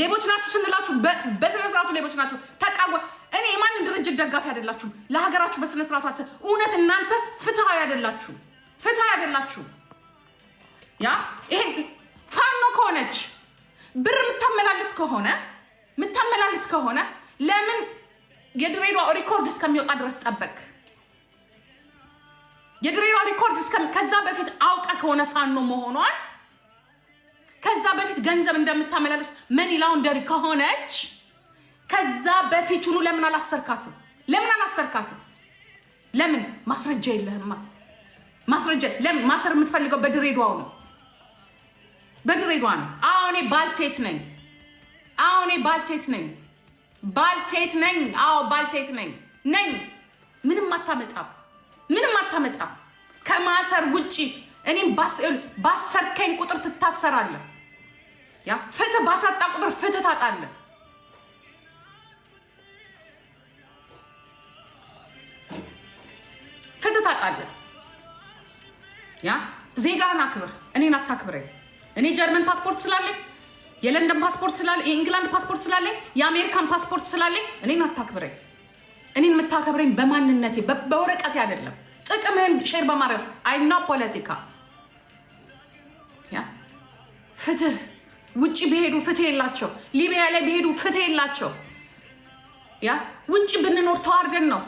ሌቦች ናችሁ ስንላችሁ በስነ ስርዓቱ ሌቦች ናችሁ ተቃወ እኔ የማንም ድርጅት ደጋፊ አይደላችሁም። ለሀገራችሁ በስነ ስርዓቱ እውነት እናንተ ፍትሃዊ አይደላችሁ፣ ፍትሃዊ አይደላችሁ። ያ ይሄን ፋኖ ከሆነች ብር የምታመላልስ ከሆነ የምታመላልስ ከሆነ ለምን የድሬዷ ሪኮርድ እስከሚወጣ ድረስ ጠበቅ? የድሬዷ ሪኮርድ ከዛ በፊት አውቀ ከሆነ ፋኖ መሆኗን ከዛ በፊት ገንዘብ እንደምታመላለስ መኒ ላውንደሪ ከሆነች ከዛ በፊት ሁኑ ለምን አላሰርካትም? ለምን አላሰርካትም? ለምን ማስረጃ የለህማ? ማስረጃ ለምን ማሰር የምትፈልገው በድሬዷ ነው፣ በድሬዷ ነው። እኔ ባልቴት ነኝ፣ አሁኔ ባልቴት ነኝ፣ ባልቴት ነኝ። አዎ ባልቴት ነኝ ነኝ። ምንም አታመጣም፣ ምንም አታመጣም ከማሰር ውጪ እኔም ባሰርከኝ ቁጥር ትታሰራለህ። ያ ፍትህ ባሳጣ ቁጥር ፍትህ ታጣለ። ፍትህ ታጣለ። ያ ዜጋህን አክብር፣ እኔን አታክብረኝ። እኔ ጀርመን ፓስፖርት ስላለኝ የለንደን ፓስፖርት ስላለኝ የእንግላንድ ፓስፖርት ስላለኝ የአሜሪካን ፓስፖርት ስላለኝ እኔን አታክብረኝ። እኔን የምታከብረኝ በማንነቴ በወረቀቴ አይደለም። ጥቅምህን ሼር በማድረግ አይና ፖለቲካ ፍትህ ውጭ ቢሄዱ ፍትህ የላቸው። ሊቢያ ላይ ቢሄዱ ፍትህ የላቸው። ያ ውጭ ብንኖር ተዋርደን ነው።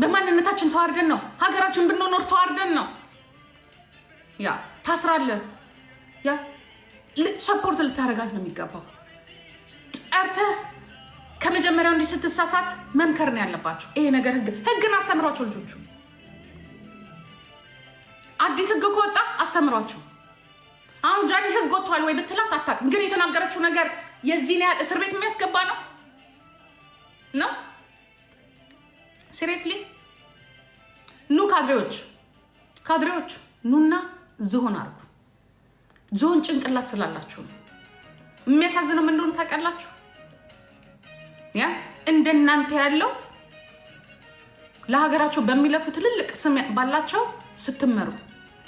በማንነታችን ተዋርደን ነው። ሀገራችን ብንኖር ተዋርደን ነው። ያ ታስራለን። ያ ሰፖርት ልታደርጋት ነው የሚገባው። ጠርተህ ከመጀመሪያው እንዲህ ስትሳሳት መምከር ነው ያለባቸው። ይሄ ነገር ህግ ህግን አስተምሯቸው ልጆቹ። አዲስ ህግ ከወጣ አስተምሯቸው። አሁን ጃኒ ህግ ወጥቷል ወይ ብትላት አታውቅም። ግን የተናገረችው ነገር የዚህን ያህል እስር ቤት የሚያስገባ ነው ነው ሲሪየስሊ። ኑ ካድሬዎች፣ ካድሬዎች ኑና ዝሆን አርጉ። ዝሆን ጭንቅላት ስላላችሁ ነው። የሚያሳዝነው ምን እንደሆነ ታውቃላችሁ? ያ እንደናንተ ያለው ለሀገራቸው በሚለፉ ትልልቅ ስም ባላቸው ስትመሩ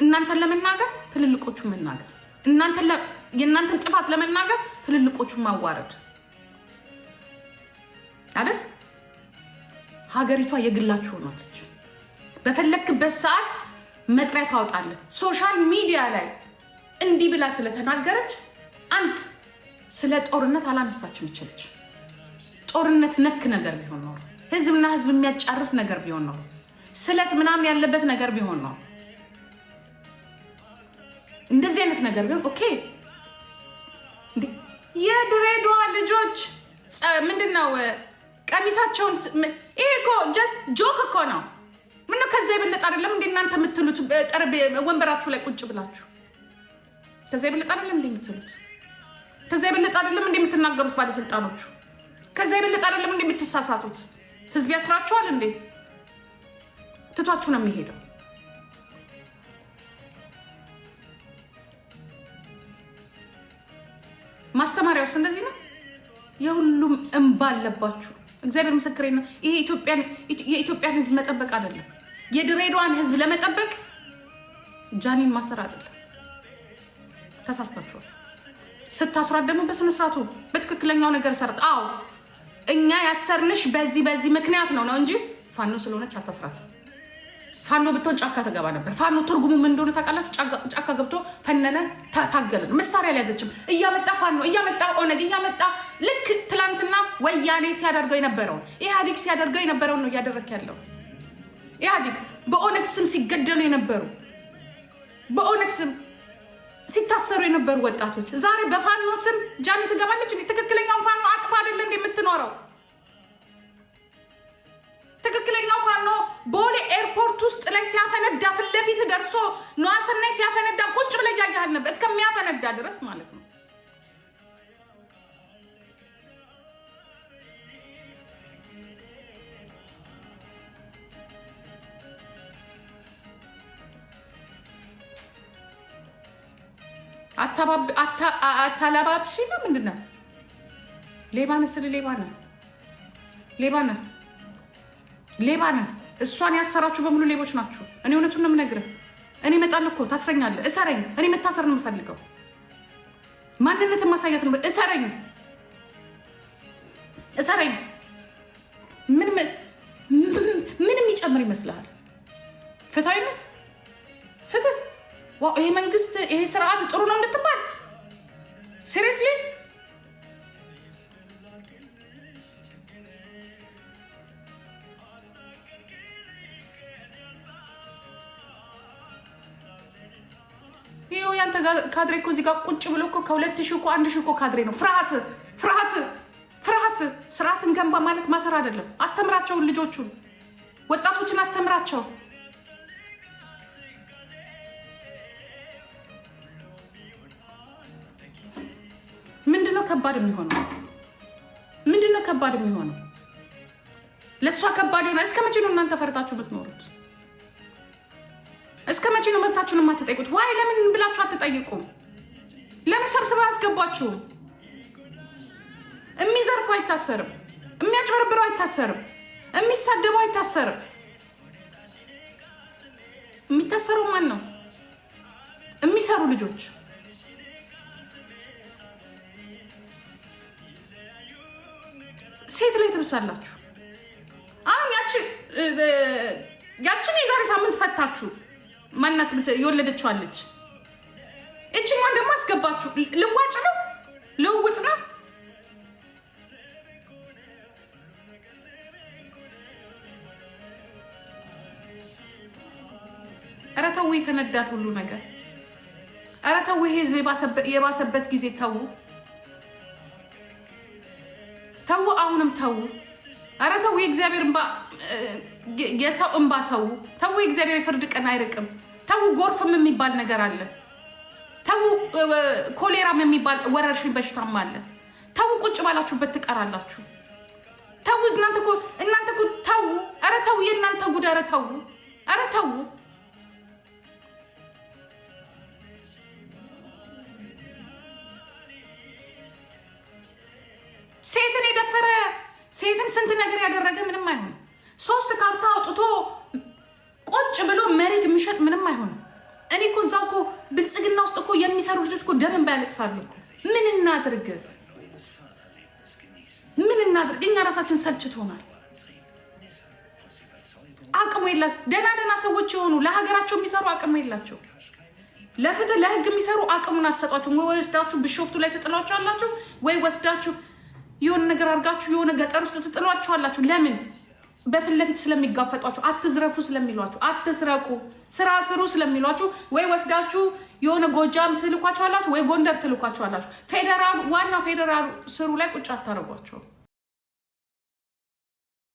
እናንተን ለመናገር ትልልቆቹ መናገር የእናንተን ጥፋት ለመናገር ትልልቆቹን ማዋረድ አይደል? ሀገሪቷ የግላችሁ ሆናለች። በፈለክበት ሰዓት መጥሪያ ታወጣለህ። ሶሻል ሚዲያ ላይ እንዲህ ብላ ስለተናገረች አንድ ስለ ጦርነት አላነሳችም። ይችለች ጦርነት ነክ ነገር ቢሆን ኖሮ ህዝብና ህዝብ የሚያጫርስ ነገር ቢሆን ኖሮ ስለት ምናምን ያለበት ነገር ቢሆን ኖሮ እንደዚህ አይነት ነገር ግን ኦኬ፣ የድሬዳዋ ልጆች ምንድን ነው ቀሚሳቸውን ይሄ እኮ ጀስት ጆክ እኮ ነው። ምነው ከዛ የበለጠ አይደለም እንደ እናንተ የምትሉት ወንበራችሁ ላይ ቁጭ ብላችሁ ከዛ የበለጠ አይደለም እንደ የምትሉት ከዛ የበለጠ አይደለም እንደ የምትናገሩት ባለስልጣኖቹ ከዚ የበለጠ አይደለም እንደ የምትሳሳቱት ህዝብ ያስራችኋል እንዴ? ትቷችሁ ነው የሚሄደው። ነገር እንደዚህ ነው። የሁሉም እንባ አለባችሁ። እግዚአብሔር ምስክሬ ነው። ይሄ የኢትዮጵያን ሕዝብ መጠበቅ አይደለም። የድሬዳዋን ሕዝብ ለመጠበቅ ጃኒን ማሰር አይደለም። ተሳስታችኋል። ስታስራት ደግሞ በስነ ስርዓቱ በትክክለኛው ነገር ሰርጥ። አዎ እኛ ያሰርንሽ በዚህ በዚህ ምክንያት ነው ነው እንጂ ፋኖ ስለሆነች አታስራት። ፋኖ ብትሆን ጫካ ተገባ ነበር። ፋኖ ትርጉሙ ምን እንደሆነ ታውቃላችሁ? ጫካ ገብቶ ፈነነ፣ ታገለ መሳሪያ አልያዘችም። እያመጣ ፋኖ እያመጣ ኦነግ እያመጣ ልክ ትላንትና ወያኔ ሲያደርገው የነበረውን ኢህአዴግ ሲያደርገው የነበረውን ነው እያደረክ ያለው። ኢህአዴግ በኦነግ ስም ሲገደሉ የነበሩ በኦነግ ስም ሲታሰሩ የነበሩ ወጣቶች ዛሬ በፋኖ ስም ጃሚ ትገባለች። ትክክለኛውን ፋኖ አጥፋ አይደለ የምትኖረው ትክክለኛው ፋኖ ቦሌ ኤርፖርት ውስጥ ላይ ሲያፈነዳ ፊት ለፊት ደርሶ ነዋስን ሲያፈነዳ ቁጭ ብለህ እያየህ ነበር፣ እስከሚያፈነዳ ድረስ ማለት ነው። አታላባብሽ ነው ምንድን ነው? ሌባ ነህ ስል ሌባ ነህ ሌባ ነህ ሌባ ነህ። እሷን ያሰራችሁ በሙሉ ሌቦች ናችሁ። እኔ እውነቱን ነው የምነግርህ። እኔ እመጣለሁ እኮ ታስረኛለህ። እሰረኝ። እኔ መታሰር ነው የምፈልገው። ማንነትን ማሳየት ነው። እሰረኝ፣ እሰረኝ። ምን የሚጨምር ይመስልሃል? ፍትሃዊነት፣ ፍትህ። ይሄ መንግስት፣ ይሄ ስርዓት ጥሩ ነው እንድትባል ሲሪየስሊ ይኸው ያንተ ካድሬ እኮ እዚህ ጋር ቁጭ ብሎ እኮ ከሁለት ሺህ እኮ አንድ ሺህ እኮ ካድሬ ነው። ፍርሃት ፍርሃት ፍርሃት ስርዓትን ገንባ ማለት ማሰር አይደለም። አስተምራቸውን፣ ልጆቹን፣ ወጣቶችን አስተምራቸው። ምንድነው ከባድ የሚሆነው? ምንድነው ከባድ የሚሆነው? ለእሷ ከባድ ይሆናል። እስከ መቼ ነው እናንተ ፈርታችሁ የምትኖሩት? እስከ መቼ ነው መብታችሁን የማትጠይቁት? ዋይ ለምን ብላችሁ አትጠይቁም? ለምን ሰብስበ አያስገቧችሁም? የሚዘርፉ አይታሰርም፣ የሚያጭበረብረው አይታሰርም፣ የሚሳደበው አይታሰርም። የሚታሰረው ማን ነው? የሚሰሩ ልጆች ሴት ላይ ትብሳላችሁ። አሁን ያችን ያችን የዛሬ ሳምንት ፈታችሁ ማናት የወለደችዋለች? እችኛን ደግሞ አስገባችሁ። ልዋጭ ነው ልውውጥ ነው። ኧረ ተው ይፈነዳል ሁሉ ነገር። ኧረ ተው ይሄ የባሰበት ጊዜ ተው ተው፣ አሁንም ተው። ኧረ ተው የእግዚአብሔር እንባ የሰው እንባ ተው ተው። የእግዚአብሔር የፍርድ ቀን አይርቅም። ተው ጎርፍም የሚባል ነገር አለ። ተው ኮሌራም የሚባል ወረርሽኝ በሽታም አለ። ተው ቁጭ ባላችሁበት ትቀራላችሁ። ተው እናንተ እናንተ ተው። ኧረ ተው የእናንተ ጉድ። ኧረ ተው ተው ምንም አይሆንም። ሶስት ካርታ አውጥቶ ቁጭ ብሎ መሬት የሚሸጥ ምንም አይሆንም። እኔ እኮ እዛ እኮ ብልጽግና ውስጥ እኮ የሚሰሩ ልጆች እኮ ደንብ ባያለቅሳሉ። ምን እናድርግ? ምን እናድርግ? እኛ ራሳችን ሰልችት ሆናል። አቅሙ የላቸው ደህና ደህና ሰዎች የሆኑ ለሀገራቸው የሚሰሩ አቅሙ የላቸው ለፍትህ ለህግ የሚሰሩ አቅሙን አሰጧቸው ወይ ወስዳችሁ ብሾፍቱ ላይ ተጥሏቸው አላችሁ ወይ ወስዳችሁ የሆነ ነገር አድርጋችሁ የሆነ ገጠር ውስጥ ትጥሏችኋላችሁ። ለምን? በፊት ለፊት ስለሚጋፈጧችሁ፣ አትዝረፉ ስለሚሏችሁ፣ አትስረቁ ስራ ስሩ ስለሚሏችሁ፣ ወይ ወስዳችሁ የሆነ ጎጃም ትልኳችኋላችሁ፣ ወይ ጎንደር ትልኳችኋላችሁ። ፌዴራሉ ዋና ፌዴራሉ ስሩ ላይ ቁጭ አታደርጓቸውም።